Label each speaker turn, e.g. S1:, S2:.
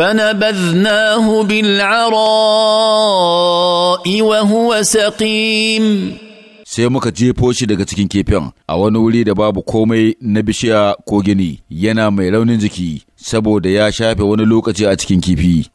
S1: فنبذناه بالعراء وهو سقيم sai muka jefo shi daga cikin kefin a wani wuri da babu
S2: komai na bishiya ko gini yana mai raunin jiki saboda ya shafe wani
S3: lokaci a cikin kifi